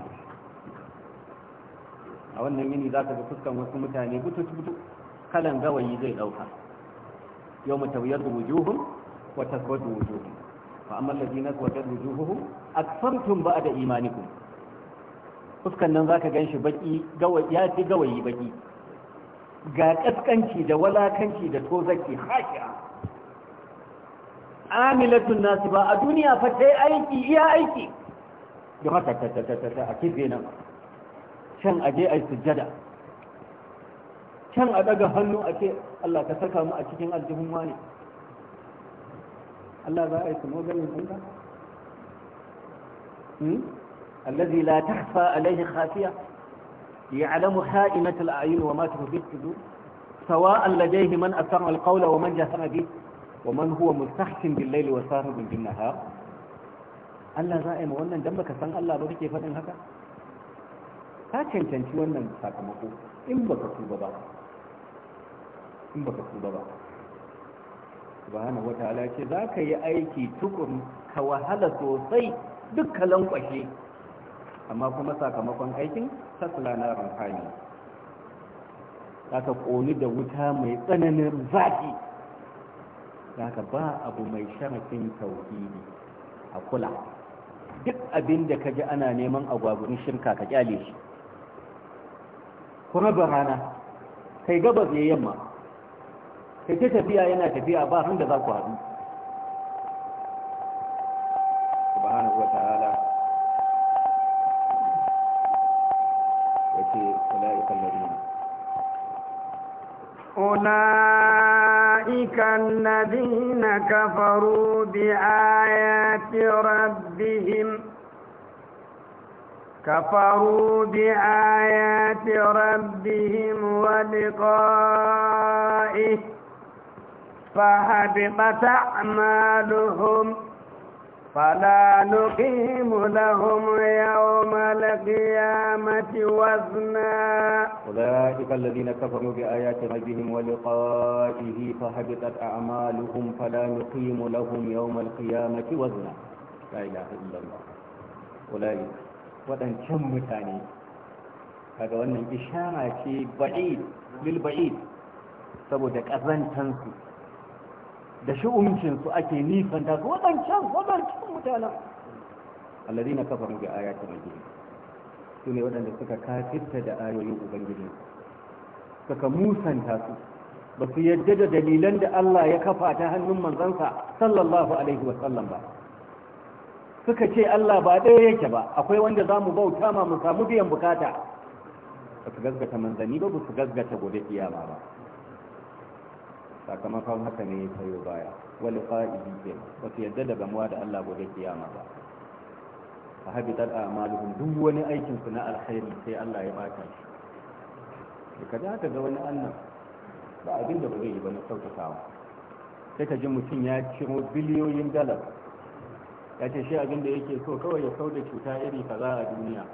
a wannan mini za ka ga fuskan wasu mutane butu-butu kalan gawayi zai ɗauka yau mu tawiyar da wujuhun wata kwadu wujuhun fa'amman lafi na kwatar wujuhuhu aksartun ba da imanikum fuskan nan ka ganshi baki gawayi ya ce gawayi baki ga ƙasƙanci da walakanci da tozaki hakiya amilatun nasu ba a duniya fa ta yi aiki iya aiki da haka ta ta ta ta a kife nan can a je a yi sujjada can a daga hannu a ce Allah ka saka mu a cikin aljihun wani Allah za a yi su maganin ɗanka? Hmm? الذي لا تخفى عليه خافية يعلم خائنة الأعين وما تخفي الصدور سواء لديه من أسر القول ومن جهر به ومن هو مستخف بالليل وساهب بالنهار Allah za a yi ma wannan dan baka san Allah ba kake faɗin haka ka cancanci wannan sakamako in baka tuba ba in baka tuba ba subhanahu wataala ce za ka yi aiki tukuru ka wahala sosai duk ka lankwashe amma kuma sakamakon aikin tasla na rumfani aka koli da wuta mai tsananin zafi aka ba abu mai sharafin tauhidi a kula duk abin da ka ji ana neman agwagurin shirka ka kyale shi kuma ba rana kai gabas ya yamma kai ta tafiya yana tafiya ba hanga za ku haɗu subhanahu wa ta'ala ulaika alladina ulaika alladina kafaru biayati rabbihim كفروا بآيات ربهم ولقائه فهبطت أعمالهم فلا نقيم لهم يوم القيامة وزنا أولئك الذين كفروا بآيات ربهم ولقائه فهبطت أعمالهم فلا نقيم لهم يوم القيامة وزنا لا إله إلا الله أولئك وأن كم متاني هذا وأن الإشارة في بعيد للبعيد سبو دك أذن تنسي da shi'umcinsu ake nifanta su waɗancan waɗancan mutane allazi na kafa rubi ayatun ubangiji su ne waɗanda suka kafirta da ayoyin ubangiji suka musanta su ba su yadda da dalilan da Allah ya kafa ta hannun manzansa sallallahu alaihi wa sallam ba suka ce Allah ba ɗaya yake ba akwai wanda za mu bauta ma mu samu biyan bukata ba su gazgata manzanni ba ba su gazgata gobe kiyama ba sakamakon haka ne ya sayo baya wal qa'ibi ke ba su yadda da gamuwa da Allah gobe kiyama ba fa habitat a'maluhum duk wani aikinsu na alkhairi sai Allah ya bata shi da ka da ka ga wani annan ba abin da ba zai yi ba na sautakawa sai ka ji mutum ya ciro biliyoyin dalar ya ce shi abin da yake so kawai ya kauda cuta iri kaza a duniya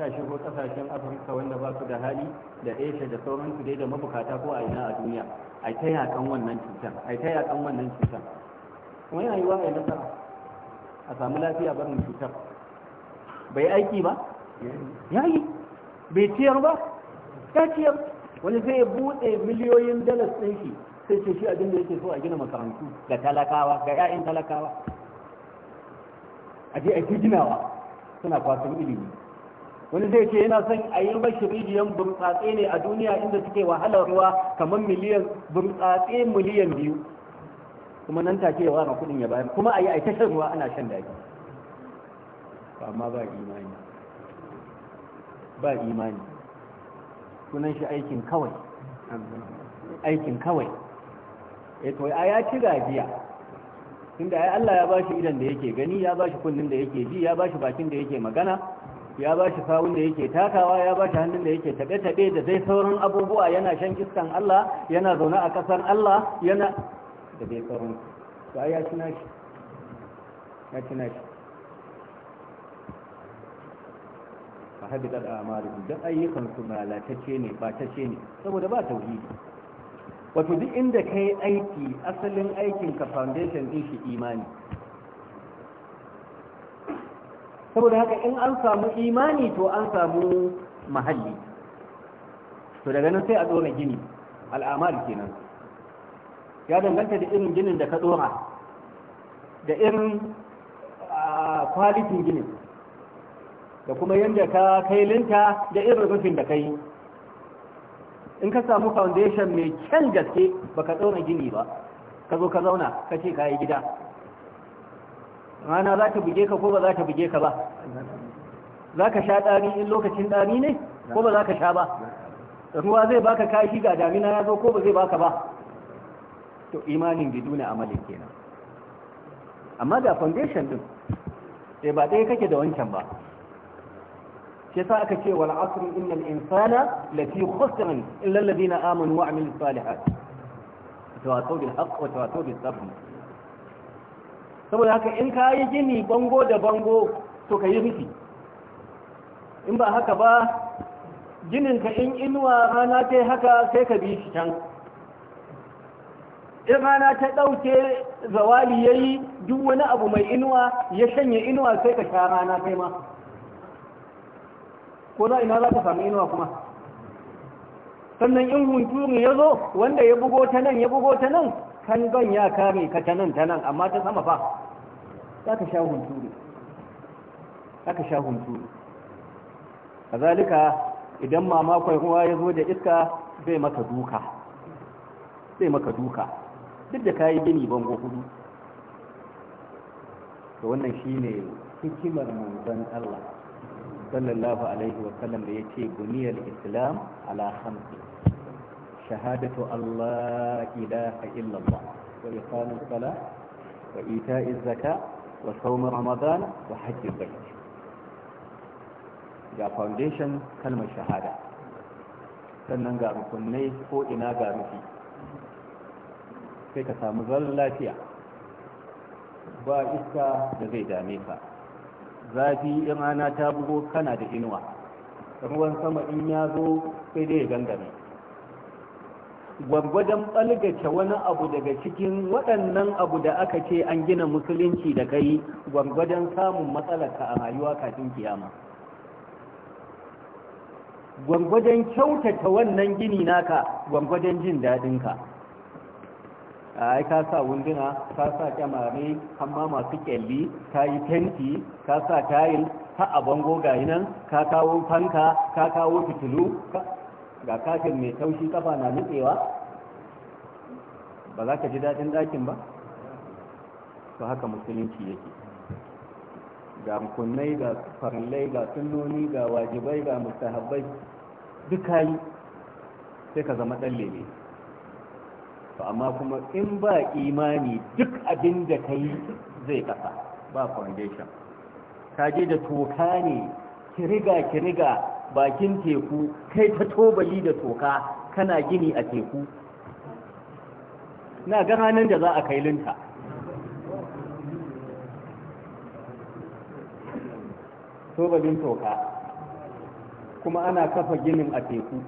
ya shigo kasashen afirka wanda ba su da hali da asia da sauransu dai da mabukata ko a ina a duniya a ta yakan wannan cutar a ta yakan wannan cutar kuma yana yi wa a nasara a samu lafiya barin cutar bai aiki ba ya yi bai ciyar ba ya ciyar wani sai ya buɗe miliyoyin dalas ɗin shi sai ce shi abin da yake so a gina makarantu ga talakawa ga 'ya'yan talakawa a je a ginawa suna kwasan ilimi wani zai ce yana son a yi mashi rijiyan burtsatse ne a duniya inda suke wahalar ruwa kamar miliyan burtsatse miliyan biyu kuma nan take yawa ma kudin ya bayar kuma a yi aikashar ruwa ana shan daji ma ba imani ba imani sunan shi aikin kawai aikin kawai ya eh to ya ci gajiya tunda ya Allah ya bashi idan da yake gani ya bashi kunnin da yake ji ya bashi bakin da yake magana ya ba shi sawun da yake takawa ya ba shi hannun da yake taɓe-taɓe da zai sauran abubuwa yana shan iskan Allah yana zaune a ƙasar Allah yana da bai sauran su ya ci nashi ya ci nashi a haɗi ɗan amaru duk ayyukan su malatacce ne ba ce ne saboda ba wuri wato duk inda ka yi aiki asalin aikinka foundation ɗin shi imani saboda haka in an samu imani to an samu mahalli to daga nan sai a dora gini al'amal kenan ya danganta da irin ginin da ka dora da irin kwalitin ginin da kuma yadda ka kailinta da irin rufin da ka in ka samu foundation mai kyan gaske baka tsona gini ba ka zo ka zauna ka ce ka yi gida rana za ta buge ka ko ba za ta buge ka ba za ka sha ɗari in lokacin ɗari ne ko ba za ka sha ba ruwa zai baka kashi ga damina ya zo ko ba zai baka ba to imanin ne amalin kenan amma ga foundation din sai eh, ba ɗaya kake da wancan ba sai sa aka ce wal asr innal insana lafi khusran illa alladhina amanu wa amilus salihat tawassaw bil haqq wa tawassaw bis sabr saboda haka in ka yi gini bango da bango to ka yi rufi in ba haka ba gininka in inuwa rana ta haka sai ka bi shi can in rana ta ɗauke zawali ya yi duk wani abu mai inuwa ya shanye inuwa sai ka sha rana kai ma ko za ina za ka samu inuwa kuma sannan in hunturu ya zo wanda ya bugo ta nan ya bugo ta nan kalban ya kame ka ta nan ta nan amma ta sama fa za ka sha hunturu za ka sha hunturu kazalika idan mamakon ruwa ya zo da iska zai maka duka zai maka duka duk da kayi gini bango hudu to wannan shine hikimar manzon Allah sallallahu alaihi wasallam da yace buniyal islam ala khamsin شهادة الله إله إلا الله وإقام الصلاة وإيتاء الزكاة وصوم رمضان وحج البيت ga foundation kalmar shahada sannan ga rukunai ko ina ga rufi sai ka samu zan lafiya ba iska da zai dame ka zafi in ana ta bugo kana da inuwa ruwan sama in ya zo sai dai ya gangame gwargwadon ɓalgace wani abu daga cikin waɗannan abu da aka ce an gina musulunci da kai gwargwadon samun matsalarka a rayuwa kafin kiyama gwargwadon kyautata wannan gini naka gwargwadon jin daɗinka ai ka sa wunduna ka sa kyamare amma masu kyalli ka yi fenti ka sa tayil ha abangoga bango nan ka kawo fanka ka kawo fitilu ga kafin mai taushi kafa na nutsewa ba za ka ji daɗin ɗakin ba to haka musulunci yake ga kunnai ga farillai ga sunnoni ga wajibai ga mustahabbai duka yi sai ka zama ɗan lele to amma kuma in ba imani duk abin da ka yi zai kasa ba foundation ka je da toka ne kiriga kiriga bakin teku kai ta tobali da toka kana gini a teku na ga ranar da za a kai linta tobalin toka kuma ana kafa ginin a teku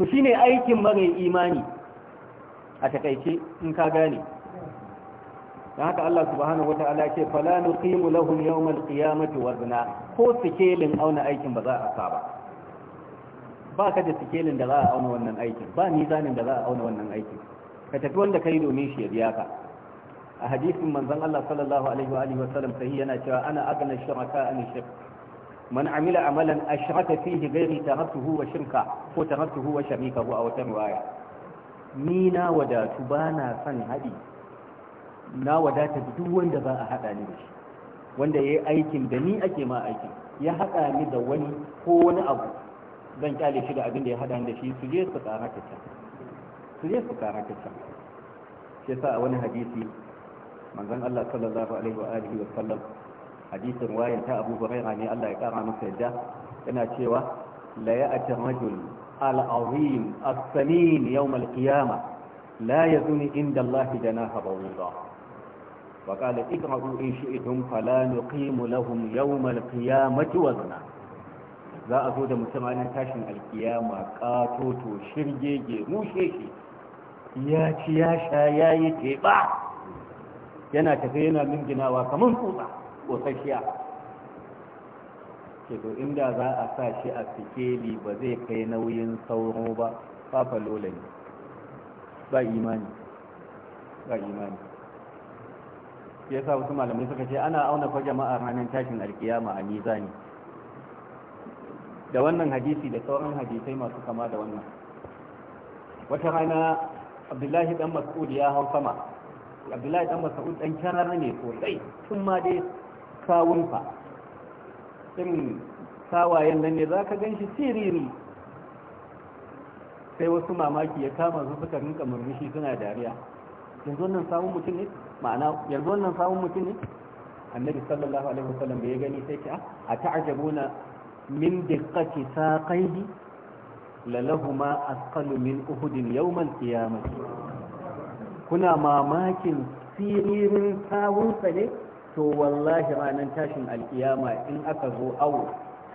to shine aikin mara imani a takaice in ka gane don haka Allah subhanahu wata'ala ce fala nuqimu lahum yawmal qiyamati wazna ko sikelin auna aikin ba za a sa ba ba ka da sikelin da za a auna wannan aikin ba mizanin da za a auna wannan aikin ka tafi wanda ka yi domin shi ya biya ka a hadisin manzon Allah sallallahu alaihi wa alihi wa sallam sai yana cewa ana agna shuraka an shirk man amila amalan ashraka fihi ghairi taraktuhu wa shirka ko taraktuhu wa ko a wata riwaya ni na wadatu ba na son hadi. na wadata duk wanda ba a haɗa ni da shi wanda ya yi aikin da ni ake ma aikin ya haɗa ni da wani ko wani abu zan kyale shi da abin da ya haɗa da shi su je su tsara ka can su je su tsara ka can shi sa a wani hadisi manzon Allah sallallahu alaihi wa alihi wa sallam hadisin wayan ta Abu Hurairah ne Allah ya kara masa yadda yana cewa la ya'ti rajul al-azim as-samin yawm al-qiyamah la yazuni inda Allah janaha bawida وقال اقرأوا إن شئتم فلا نقيم لهم يوم القيامة وزنا za a zo da mutum ranar tashin alkiyama katoto shirgege mushe shi ya ci ya sha ya yi teɓa yana tafe yana minginawa kamar tsutsa ƙosashiya ke to inda za a sa shi a sikeli ba zai kai nauyin sauro ba fafa lola ne ba imani ba imani shi yasa wasu malamai suka ce ana auna fa jama'a ranar tashin alkiyama a mizani da wannan hadisi da sauran hadisai masu kama da wannan wata rana abdullahi dan mas'ud ya hau sama abdullahi dan mas'ud dan kyanar ne sosai tun ma dai kawun fa irin sawayen nan ne za ka gan shi siriri sai wasu mamaki ya kama su suka rinka murmushi suna dariya yanzu wannan samun mutum ne ma'ana yanzu wannan samun mutum ne annabi sallallahu alaihi wasallam bai gani sai ce a ah, ta'jabuna min diqqati saqaihi lalahuma asqalu min uhudin yawmal qiyamah kuna mamakin siririn sawunsa ne to wallahi ranan tashin alkiyama in aka zo awo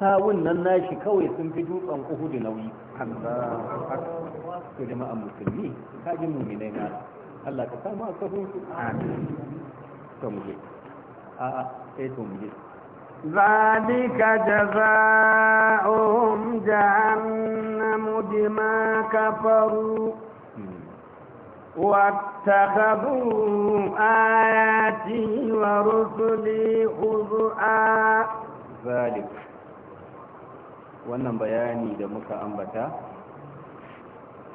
sawun nan nashi kawai sun fi dutsen uhudu nauyi to jama'an musulmi kajin mu ne na Allah ka samu a kafin su amin a a sai ka faru, ذلك جزاؤهم جهنم بما كفروا واتخذوا آياتي ورسلي خذوا ذلك wannan bayani da muka ambata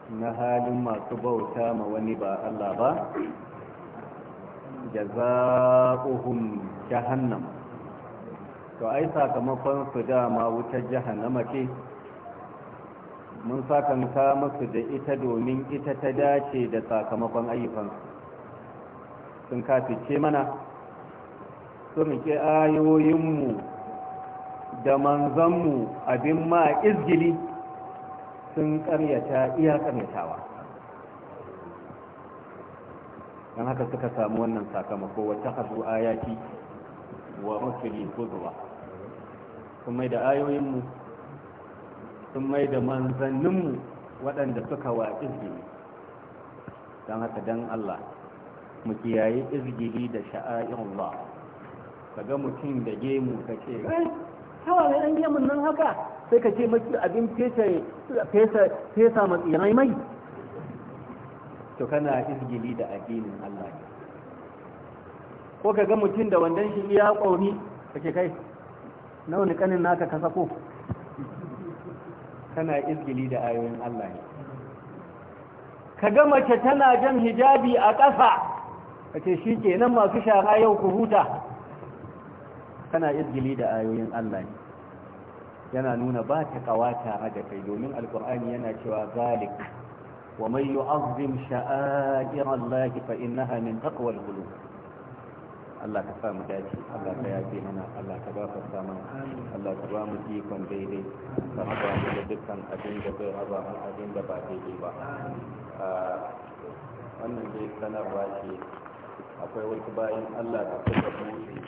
na halin masu bauta ma wani ba Allah ba jaza'uhum jahannam to ai sakamakon su dama wutar jahannama ce mun sakanta musu da ita domin ita ta dace da sakamakon ayyukansu sun kafice mana sun ke ayoyinmu da manzanmu abin ma izgili sun karyata iya karyatawa don haka suka samu wannan sakamako wata hazu ayati wa rusuli kuzuwa sun mai da ayoyinmu sun mai da manzanninmu waɗanda suka wa izgili don haka don Allah mu kiyaye izgili da sha'a'irullah kaga mutum da gemu ka ce hawa ne an gemun nan haka sai ka ce maki abin fece fesa matsirai mai to kana izgili da addinin Allah ko ka ga mutum da wandon shi iya kauni kake kai nawa ne kanin naka ka sako kana izgili da ayoyin Allah ne ka ga mace tana jan hijabi a ƙasa kace shi kenan masu shara yau ku huta kana izgili da ayoyin Allah ne yana nuna ba ta kawata a da kai domin alkur'ani yana cewa zalik wa man yu'azzim sha'air Allah fa innaha min taqwa al-qulub Allah ka sa mu dace Allah ka yafe mana Allah ka gafarta mana Allah ka ba mu ikon daidai ka raba mu da dukkan abin da bai raba mu abin da ba daidai ba ah, wannan dai sanarwa ce akwai wasu bayan Allah da suka buɗe